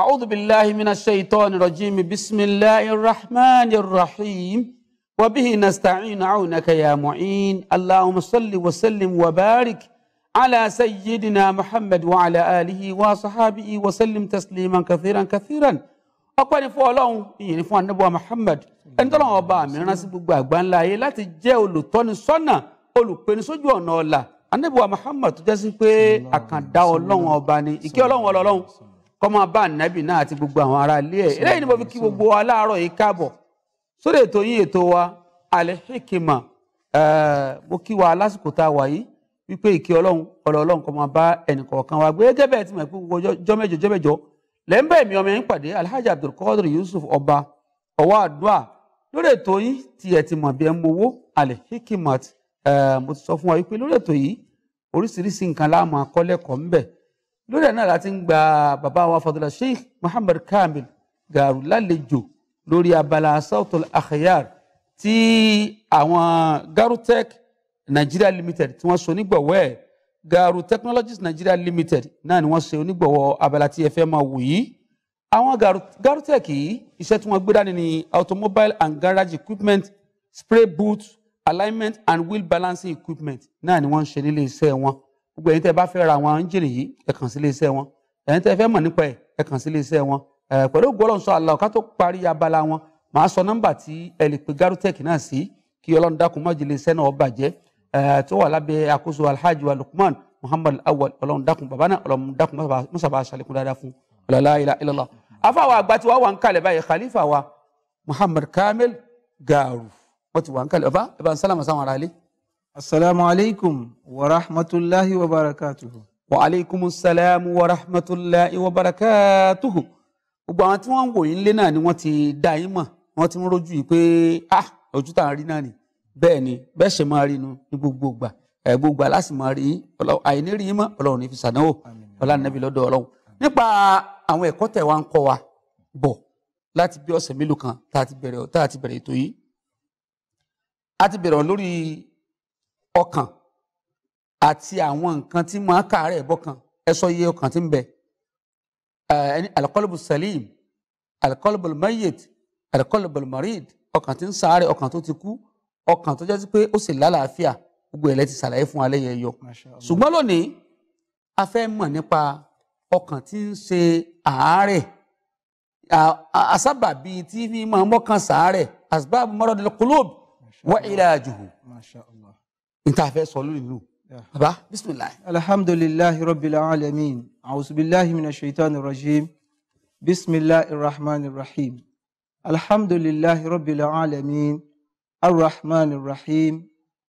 أعوذ بالله من الشيطان الرجيم بسم الله الرحمن الرحيم وبه نستعين عونك يا معين اللهم صل وسلم وبارك على سيدنا محمد وعلى آله وصحابه وسلم تسليما كثيرا كثيرا ọpẹ́ ni fún Ọlọ́run ìyìn ni fún anábọ Muhammad ẹni tọ́lọ́run ọba mi rán sí gbogbo àgbáńlá ayé láti jẹ́ olùtọ́ni sọ́nà olùpẹni sójú ọ̀nà ọ̀la anábọ Muhammad tó jẹ́ sí pé àkàndá Ọlọ́run ọba ni ìkẹ́ Ọlọ́run Ọlọ́run kọ́mọ bá nàbì náà àti gbogbo àwọn ará ilé ẹ̀ eléyìí ni mo fi kí gbogbo wa láàárọ̀ yìí káàbọ̀ sórí ètò yín ètò wa Al-Hikima mo kí wa lásìkò tá a wà yìí wípé ìkí ọlọ́run ọlọ́run kọ́mọ bá wa gbé gẹ́gẹ́ bẹ́ẹ̀ tí mo gbogbo jọ́mẹ́jọ jọ́mẹ́jọ lẹ́ńbà èmi ọmọ yẹn pàdé Alhaji Abdulkadir Yusuf ọba ọwọ́ àdúrà lórí ètò yìí lórí ẹ̀ náà láti ń gba bàbá wa fadúlà sheikh muhammad kamil garu lálejò lórí abala sautul akhyar tí àwọn garutech nigeria limited tí wọ́n so onígbọ̀wọ́ ẹ̀ garu technologies nigeria limited náà ni wọ́n ṣe onígbọ̀wọ́ abala tí ẹ fẹ́ máa wò yìí àwọn garutech yìí iṣẹ́ tí wọ́n gbé dání ni automobile and garage equipment spray booth alignment and wheel balancing equipment náà ni wọ́n ń ṣe nílé iṣẹ́ wọn gbogbo ẹ̀yin tẹ́ bá fẹ́ ra àwọn ẹ́ńjìnì yìí ẹ kàn sí iléeṣẹ́ wọn ẹ̀yin tẹ́ fẹ́ mọ̀ nípa ẹ̀ ẹ kàn sí iléeṣẹ́ wọn pẹ̀lú ògbó ọlọ́run ká tó parí abala wọn màá sọ nọ́mbà tí ẹ lè pe garutech náà sí kí ọlọ́run dákun mọ́jú iléeṣẹ́ náà bàjẹ́ tó wà lábẹ́ àkóso alhaji wa lukman muhammad awal ọlọ́run dákun bàbá náà ọlọ́run dákun mọ́sàbà ṣàlékún dáadáa fún ọlọ́lá ilà ilọ́lá afáwa àgbà tí wọ́n wà ń kalẹ̀ báyìí khalifa wa muhammad kamil garu wọ́n ti wà ń kalẹ̀ bàbá ẹ ń sálàmù sáwọn aráalé. Assalamu alaikum wa rahmatullahi wa barakatuhu. Wa alaikum salam wa rahmatullahi wa barakatuhu. Gbogbo àwọn tí wọ́n ń wò yín lé náà ni wọ́n ti dá yín mọ̀, wọ́n ti ń rojú yìí pé ah ojú tá à ń rí náà ni. Bẹ́ẹ̀ ni bẹ́ẹ̀ ṣe máa rí inú ní gbogbo ìgbà. Ẹ gbogbo àlásì máa rí àìní rí yín mọ́ Ọlọ́run ní fi ṣàdánwò Ọlọ́run nẹ́bí lọ́dọ̀ Ọlọ́run. Nípa àwọn ẹ̀kọ́ tẹ̀ wá ń kọ́ wa bọ̀ láti bí ọ̀sẹ̀ mélòó kan tá a ti bẹ̀rẹ̀ ètò yìí. A ti bẹ̀rẹ̀ lórí ọkàn àti àwọn nǹkan tí máa káàárẹ̀ bọ́kàn ẹ sọ iye ọkàn tí ń bẹ eh, alikọlùbù salim alikọlùbù mayit alikọlùbù marid ọkàn tí ń ṣàárẹ̀ ọkàn tó ti kú ọkàn tó jẹ́ sí pé ó sì lálàáfíà gbogbo ẹ̀ lẹ́ti ṣàlàyé fún alẹ́ yẹn yọ ṣùgbọ́n lónìí a fẹ́ mọ̀ nípa ọkàn tí ń ṣe àárẹ̀ asábàbí tí fi máa mọ́kàn ṣàárẹ̀ asbab maradil qulub wa ilajuhu ntàfẹ́ sọ lórí ìlú. baba bisimilayi. alhamdulilahi rabbil alamin awusubilahi mina shaitan rajim bisimilahi rahman rahim alhamdulilahi rabbil alamin arrahman rahim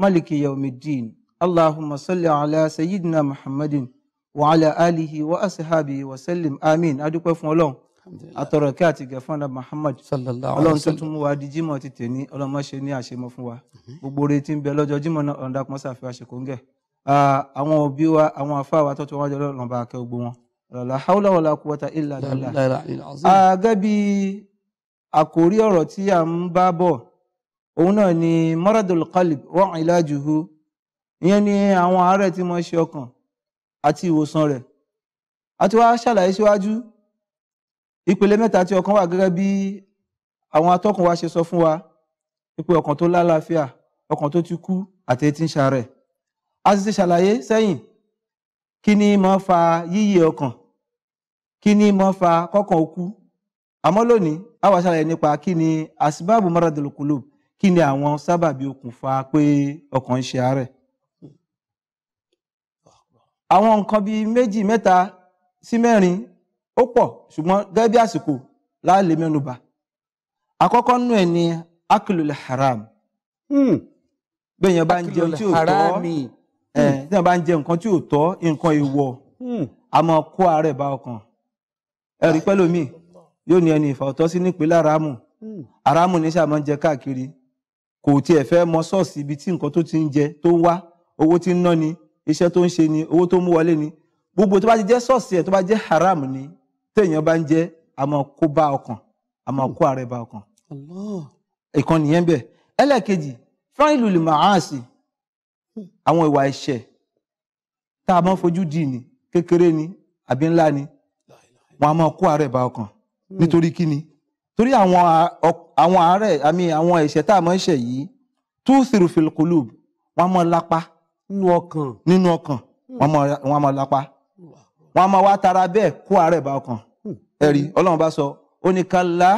maliki yawmiddin allahumma salli ala sayyidina muhammadin wa ala alihi wa asahabi wa sallim amin adúpẹ́ fún ọlọ́run atọrọ kí àti gẹ fún ọlọmọ Muhammad Ọlọ́run tó tún mú wa di jímọ̀ ti tè ní ọlọmọ ṣe ní àṣemọ fún wa mhm. gbogbo retí ń bẹ lọ́jọ́ jímọ̀ náà ọ̀nà dàpọ̀ sàfihàn àṣekóńgẹ̀ àwọn òbí wa àwọn afá wa tó tún wájú Ọlọ́run bá kẹ́ gbogbo wọn la hawla wala quwwata illa gẹ́gẹ́ bí àkórí ọ̀rọ̀ tí à ń bá bọ̀ òun náà ni maradul qalb wa ilajuhu àti ìwòsàn rẹ̀ àti wá ṣàlàyé síwájú ìpele mẹ́ta tí ọkàn wà gẹ́gẹ́ bí àwọn atọ́kùn wa ṣe sọ fún wa pé ọkàn tó lálàáfíà ọkàn tó ti kú àti etí ń ṣàárẹ̀ a sì ti ṣàlàyé sẹ́yìn kí ni máa fa yíyí ọkàn kí ni máa fa kọ́kàn okú àmọ́ lónìí a wá ṣàlàyé nípa kí ni asibabu maradul kí ni àwọn sábàbí okùnfà pé ọkàn ń ṣe àárẹ̀ àwọn nǹkan bíi méjì mẹ́ta sí mẹ́rin ó pọ̀ ṣùgbọ́n gẹ́gẹ́ bí àsìkò láàlè mẹ́nuba àkọ́kọ́ nù ẹ̀ ní akilul haram hmm. bẹ́ẹ̀yàn bá ń jẹun tí ò tọ́ bẹ́ẹ̀yàn hmm. bá ń jẹun nǹkan tí ò tọ́ nǹkan èèwọ̀ hmm. a kó ara ẹ̀ bá ọkàn ẹ̀rí pẹ́lú mi yóò ní ẹni ìfàwọ́tọ́ sí nípínlẹ̀ aramu aramu ní sàmọ́ ń jẹ káàkiri kò tiẹ̀ fẹ́ mọ sọ́ọ̀sì ibi tí nǹkan tó ti ń jẹ tó ń wá owó tí ń ná ni iṣẹ́ tó ń ṣe ni owó tó ń mú wọlé ni gbogbo tó bá ti jẹ́ sọ́ọ̀sì ẹ̀ tó bá jẹ́ haram ni téèyàn bá ń jẹ a máa kó bá ọkàn a máa hmm. kó ààrẹ bá ọkàn. ìkan nìyẹn bẹ́ẹ̀ ẹlẹ́ẹ̀kejì fáìlù lè máa hàn sí àwọn ìwà ẹ̀ṣẹ̀ tá a máa fojú dì ní kékeré ni àbí ńlá ni wọn a máa kó ààrẹ bá ọkàn hmm. nítorí kí ni torí àwọn àárẹ̀ àmì àwọn ẹ̀ṣẹ̀ tá a máa ń yìí tú sírùfìlì kùlùb wọn a máa lápá nínú ọkàn hmm. wọn a máa lápá wọn a máa wá tara bẹ́ẹ̀ kó àárẹ̀ bá ọkàn hmm. ẹ̀rí ọlọ́run bá sọ ó ní kàlá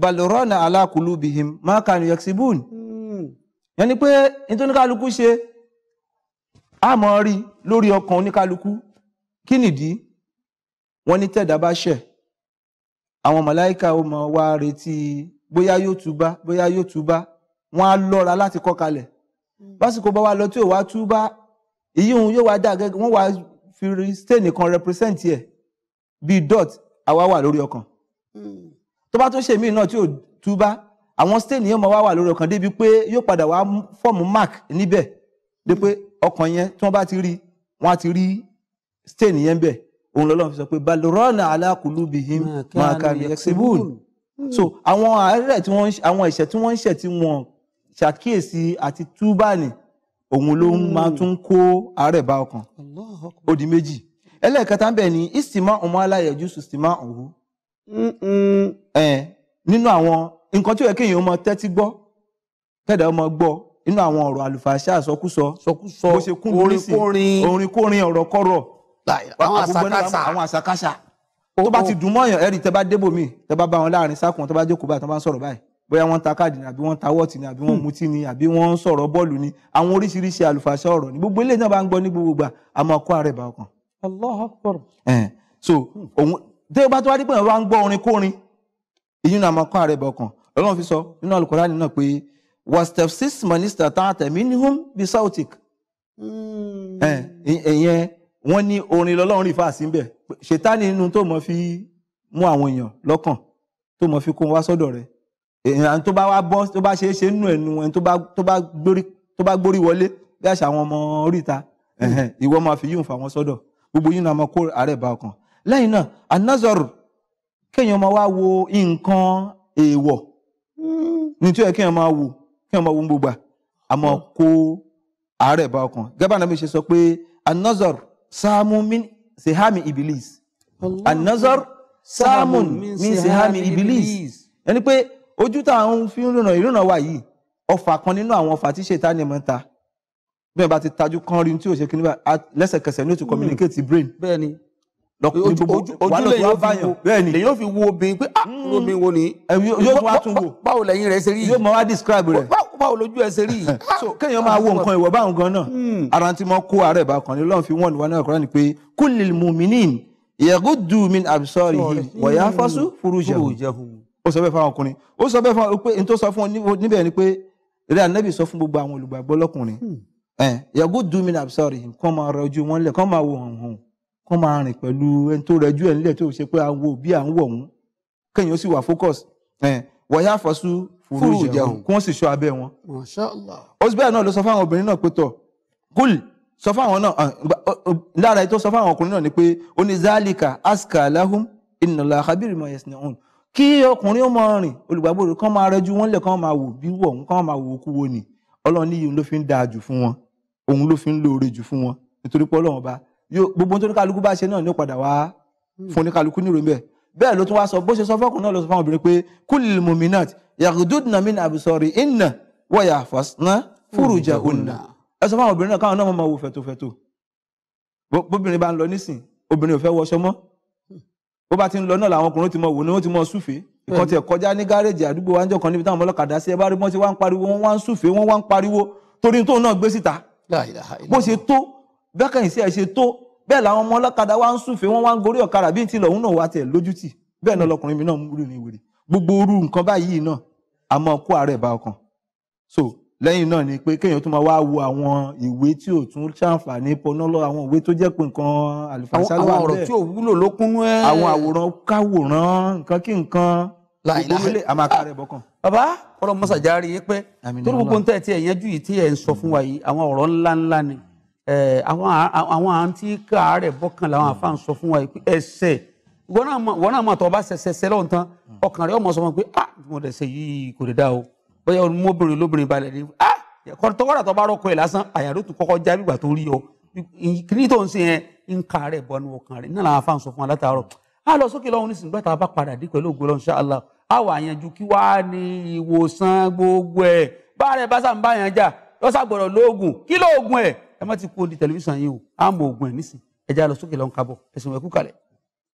balùrọ́nà alákùlù bìhìm mákànù yẹksibún hmm. yẹn ni pé nítorí kálukú ṣe àmọ́ rí lórí ọkàn oníkálukú kí nìdí wọn ní tẹ̀dá bá ṣẹ̀ àwọn màláìka ó mọ wá retí bóyá yóò túbá bóyá yóò túbá wọn á lọ́ra láti kọ́ kalẹ̀ hmm. básìkò bá wa lọ tí ò wá túbá ìyí òun yóò wá dà gẹ́gẹ́ wọ́n wá kristẹni kan represent yẹ bíi dot àwa wà lórí ọkàn hmm. tó bá tún ṣe míì náà tí ò túbá àwọn stain yẹn máa wá wà lórí ọkàn débi pé yóò padà wá fọ́ọ̀mù mark níbẹ̀ débi pé ọkàn yẹn tí wọ́n bá ti rí wọ́n á ti rí stain yẹn bẹ̀ òun lọ́lọ́run fi sọ pé balorona alakulubihim makami exibul hmm. so àwọn àárẹ̀ tí wọ́n àwọn ẹ̀ṣẹ̀ tí wọ́n ń ṣẹ̀ tí wọ́n ṣàkíyèsí àti túbà ni òun ló hmm. máa tún kó àárẹ̀ bá ọkàn ó di méjì ẹlẹ́ẹ̀kẹta ń ni istima ọmọ aláyẹ̀jú sustima òwú nínú àwọn nǹkan tí ó yẹ kéèyàn máa tẹ́tí gbọ́ kẹ́dà máa gbọ́ nínú àwọn ọ̀rọ̀ àlùfàṣà sọkúsọ sọkúsọ bó ṣe kún lórí sí orin kórin ọ̀rọ̀ kọ́rọ̀ àwọn àṣàkáṣà àwọn àṣàkáṣà tó bá oh, oh. ti dùn mọ́yàn ẹ̀rí tẹ́ bá débò tẹ́ bá bá wọn láàrin sákùn tẹ́ bá jókòó báyìí tẹ́ bá ń sọ̀rọ̀ báyìí bóyá wọ́n ta káàdì ni àbí wọ́n ta wọ́ọ̀tì ni àbí wọ́n hmm. mutí ni àbí wọ́n ń sọ̀rọ̀ bọ́ọ̀lù ni àwọn oríṣiríṣi àlùfàṣà ọ̀rọ̀ ni gbogbo eléyìí náà bá ń gbọ́ ní gbogbo gbà a máa kó ààrẹ bá ọkàn. so òun tí o bá tó wá dípò ìwà ń gbọ́ orin kórin èyí náà máa kó ààrẹ bá ọkàn Ọlọ́run fi sọ nínú Al-Qur'ani náà pé wastaf six minister ta'ata minhum bi sautik. Hmm. ìyẹn wọ́n ní orin lọ́lọ́run rìfà sí bẹ̀ ṣètánì nínú tó mọ̀ fi mú àwọn èèyàn lọ́kàn tó mọ̀ fi kó wá sọ́dọ̀ rẹ̀ èèyàn tó bá wá bọ́ tó bá ṣe é ṣe nínú ẹnu ẹni tó bá gbórí wọlé bí àṣà àwọn ọmọ oríta ìwọ máa fi yíùn fà wọn sọ́dọ̀ gbogbo yín náà máa kó àárẹ̀ bá ọkàn lẹ́yìn náà anazọrù kéèyàn máa wá wo nǹkan èèwọ̀ ní tí kéèyàn máa wò kéèyàn máa wo gbogbo a máa kó àárẹ̀ bá ọkàn gẹ́gẹ́ náà mi ṣe sọ pé anazọrù sáàmù min sehami ibilis anazọrù sáàmù min sehami ibilis ẹni pé ojú tá à ń fi ń rìnà ìrìnà wa yìí ọfà kan nínú àwọn ọfà tí ṣètá ni mọ̀ ń ta bí wọn bá ti tajú kan rí tí o ṣe kí ni lẹ́sẹ̀kẹsẹ̀ ní o ti communicate brain. bẹ́ẹ̀ni ojú lè yóò fi wo bẹ́ẹ̀ni lè yóò fi wo obìnrin pé ah hmm. obìnrin wo ni. yóò tún wá tún wò báwo lẹ́yìn rẹ̀ ṣe rí yìí yóò mọ wá describe rẹ̀ báwo lójú ẹ ṣe rí yìí. so kéèyàn máa wo nǹkan ìwọ báwọn gan náà hmm. ara tí mo kó ara ẹ̀ bá kan ní Ọlọ́run fi wọ́n ní wọn náà kọ́ra ni pé kullil mu'minin yaghuddu min absarihi wa yahfazu furujahum ó sọ bẹ́ẹ̀ fáwọn ọkùnrin ó sọ bẹ́ẹ̀ fáwọn pé n tó sọ fún wọn níbẹ̀ ni pé eré ànábì sọ fún gbogbo àwọn olùgbàgbọ́ lọ́kùnrin yàgò dùnmí nà sọ̀rì kàn máa rẹ ojú wọn lẹ̀ kàn máa wò hàn hàn kàn máa rìn pẹ̀lú ẹni tó rẹjú ẹ̀ ńlẹ̀ tó ṣe pé à ń wo bí à ń wọ̀ wọ́n kéèyàn ó sì wà focus wọ̀nyá fọ́sú fúrú ìjẹun kí wọ́n sì ṣọ́ abẹ́ wọn. ó sì bẹ́ẹ̀ náà ló sọ fáwọn obìnrin náà pé tọ̀ gúlì sọ fáwọn náà lára ètò sọ fáwọn ọkùnrin náà ni pé oní zálìkà aska aláhùn ìnàlá àbírìmọ̀ yẹ̀sìn náà kí ọkùnrin ó mọ rìn olùgbàgbọ́ rẹ̀ kán máa rẹjú wọ́n lẹ̀ kán máa wò bí wọ̀ kán máa wò kú wo nì ọlọ́run ní òun ló fi ń dáa jù fún wọn òun ló fi ń lóore jù fún wọn nítorí pé ọlọ́run ọba gbogbo tó ní kálukú bá ṣe náà ní padà wá fún ní kálukú ní ìròyìn bẹ́ẹ̀ bẹ́ẹ̀ ló tún wá sọ bó ṣe sọ fọ́kùnrin náà lọ sọ fún obìnrin pé kúlìlì mùmínàt yàgùdùdùnà mí nàbì sọ̀rì ìnà wọ̀yà fàṣnà fúrùjà bó bá ti ń lọ náà làwọn ọkùnrin ti mọ wò ni wọ́n ti mọ súfèé nǹkan tiẹ̀ kọjá ní gáréèjì àdúgbò wa ń jọ kan níbi táwọn ọlọ́kadà sí ẹ bá rí wọ́n ti wá ń pariwo wọ́n wá ń súfèé wọ́n wá ń pariwo torí tóun náà gbé síta bó ṣe tó bẹ́kẹ̀yìn sí ẹ̀ ṣe tó bẹ́ẹ̀ làwọn ọmọ ọlọ́kadà wá ń súfèé wọ́n wá ń gorí ọ̀kadà bí ti lọ́hún náà wá tiẹ̀ lójú tì bẹ́ẹ̀ náà lọkùnrin mi náà ń lẹ́yìn náà ni pé kéèyàn tún máa wá wo àwọn ìwé tí ò tún ṣàǹfààní pọnọ́lọ́ àwọn ìwé tó jẹ́ pé nǹkan àlùfáàṣà lọ́wọ́ bẹ́ẹ̀ àwọn ọ̀rọ̀ tí ò wúlò ló kúnú ẹ̀. àwọn àwòrán káwòrán nǹkan kí nǹkan ìgbóhùnlé àmàkà rẹ̀ bọ̀kan. bàbá ọ̀rọ̀ mọ́sàjárí yé pé torí gbogbo nǹkan tí ẹ̀ yanjú yìí tí ẹ̀ ń sọ fún wa yìí àwọn ọ̀rọ̀ ńláńlá ni àwọn àǹtí káàárẹ̀ bọ̀kan làwọn àfa ń sọ fún wa yìí ẹsẹ̀ wọn náà mọ̀ tó bá ṣẹṣẹ ṣẹlẹ̀ ọ̀tán ọkàn rẹ̀ ọmọ sọ fún pé ah mo dẹ̀ ṣe yìí kò dé dá o bóyá olùmọ́bìnrin olóbìnrin balẹ̀ ni ah kọ́ra tó bá rọ́kọ ẹ̀ lásán àyàrá òtún kọ́kọ́ já bígbà tó rí ọ kìíní tó ń sìn yẹn ń ka rẹ̀ bọ́ ní ọkàn rẹ̀ nílànà àfa ń sọ fún alátàárọ̀ á lọ sókè lọ́hún nísìnyí gbọ́dọ̀ tá a bá padà dé pẹ̀lú ògbó lọ́hún ṣáàlá á wà yanjú kí wá ní ìwòsàn gbogbo ẹ̀ bá rẹ̀ bá sàn bá yàn já lọ́sà gbọ́dọ̀ lóògùn kí lóògùn ẹ̀ ẹ má ti o á mọ òògùn ẹ̀ nísìn ẹ já lọ sókè lọ́hún kábọ̀ ẹ̀sìn ẹ̀kú kalẹ̀.